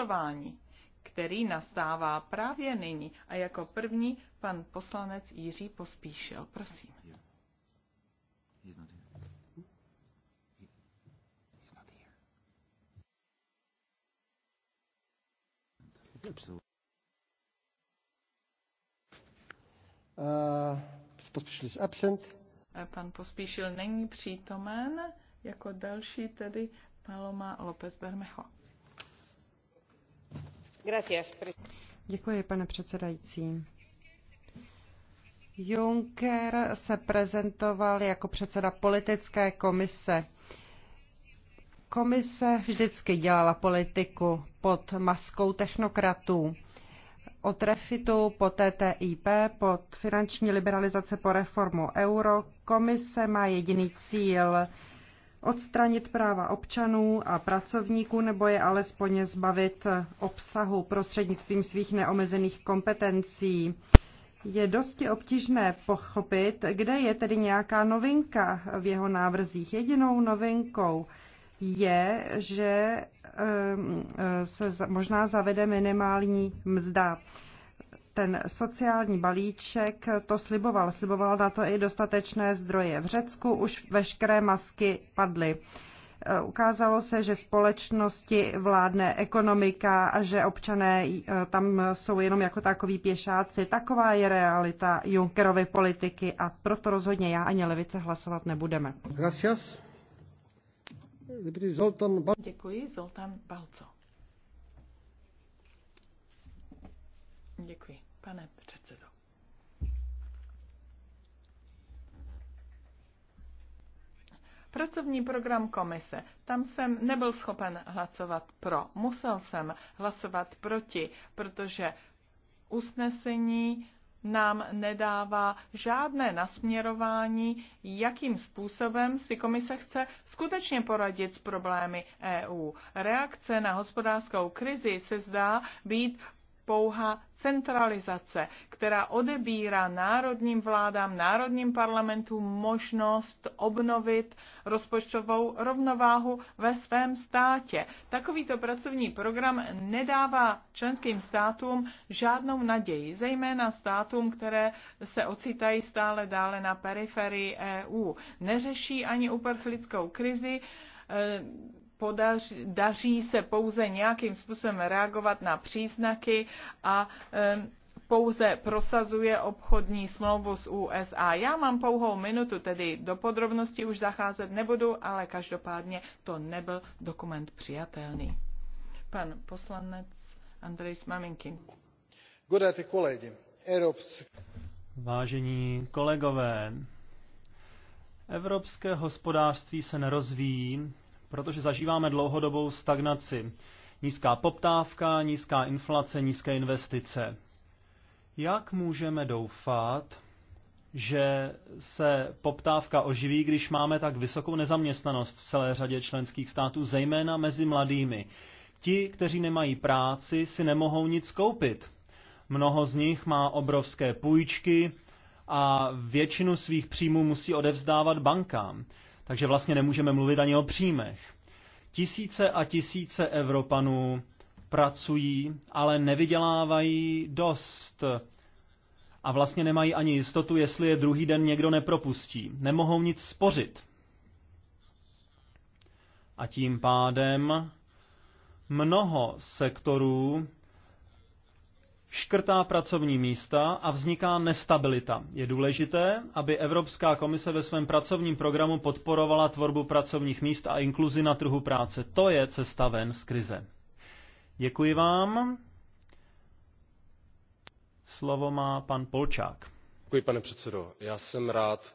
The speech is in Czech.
hlasování, který nastává právě nyní. A jako první pan poslanec Jiří Pospíšil. Prosím. Uh, pospíšil is absent. Pan Pospíšil není přítomen, jako další tedy Paloma López Bermejo. Děkuji, pane předsedající. Juncker se prezentoval jako předseda politické komise. Komise vždycky dělala politiku pod maskou technokratů. Od refitu po TTIP, pod finanční liberalizace po reformu euro, komise má jediný cíl odstranit práva občanů a pracovníků nebo je alespoň zbavit obsahu prostřednictvím svých neomezených kompetencí. Je dosti obtížné pochopit, kde je tedy nějaká novinka v jeho návrzích. Jedinou novinkou je, že ehm, se možná zavede minimální mzda ten sociální balíček to sliboval. Sliboval na to i dostatečné zdroje. V Řecku už veškeré masky padly. E, ukázalo se, že společnosti vládne ekonomika a že občané e, tam jsou jenom jako takoví pěšáci. Taková je realita Junckerovy politiky a proto rozhodně já ani levice hlasovat nebudeme. Gracias. Děkuji, Zoltán Balco. pane předsedo. Pracovní program komise. Tam jsem nebyl schopen hlasovat pro. Musel jsem hlasovat proti, protože usnesení nám nedává žádné nasměrování, jakým způsobem si komise chce skutečně poradit s problémy EU. Reakce na hospodářskou krizi se zdá být pouhá centralizace, která odebírá národním vládám, národním parlamentům možnost obnovit rozpočtovou rovnováhu ve svém státě. Takovýto pracovní program nedává členským státům žádnou naději, zejména státům, které se ocitají stále dále na periferii EU. Neřeší ani uprchlickou krizi, podaří, daří se pouze nějakým způsobem reagovat na příznaky a pouze prosazuje obchodní smlouvu s USA. Já mám pouhou minutu, tedy do podrobností už zacházet nebudu, ale každopádně to nebyl dokument přijatelný. Pan poslanec Andrej Smaminkin. kolegy, Vážení kolegové, evropské hospodářství se nerozvíjí, protože zažíváme dlouhodobou stagnaci. Nízká poptávka, nízká inflace, nízké investice. Jak můžeme doufat, že se poptávka oživí, když máme tak vysokou nezaměstnanost v celé řadě členských států, zejména mezi mladými? Ti, kteří nemají práci, si nemohou nic koupit. Mnoho z nich má obrovské půjčky a většinu svých příjmů musí odevzdávat bankám takže vlastně nemůžeme mluvit ani o příjmech. Tisíce a tisíce Evropanů pracují, ale nevydělávají dost a vlastně nemají ani jistotu, jestli je druhý den někdo nepropustí. Nemohou nic spořit. A tím pádem mnoho sektorů škrtá pracovní místa a vzniká nestabilita. Je důležité, aby Evropská komise ve svém pracovním programu podporovala tvorbu pracovních míst a inkluzi na trhu práce. To je cesta ven z krize. Děkuji vám. Slovo má pan Polčák. Děkuji, pane předsedo. Já jsem rád,